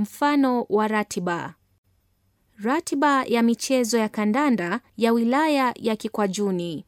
Mfano wa ratiba: ratiba ya michezo ya kandanda ya wilaya ya Kikwajuni.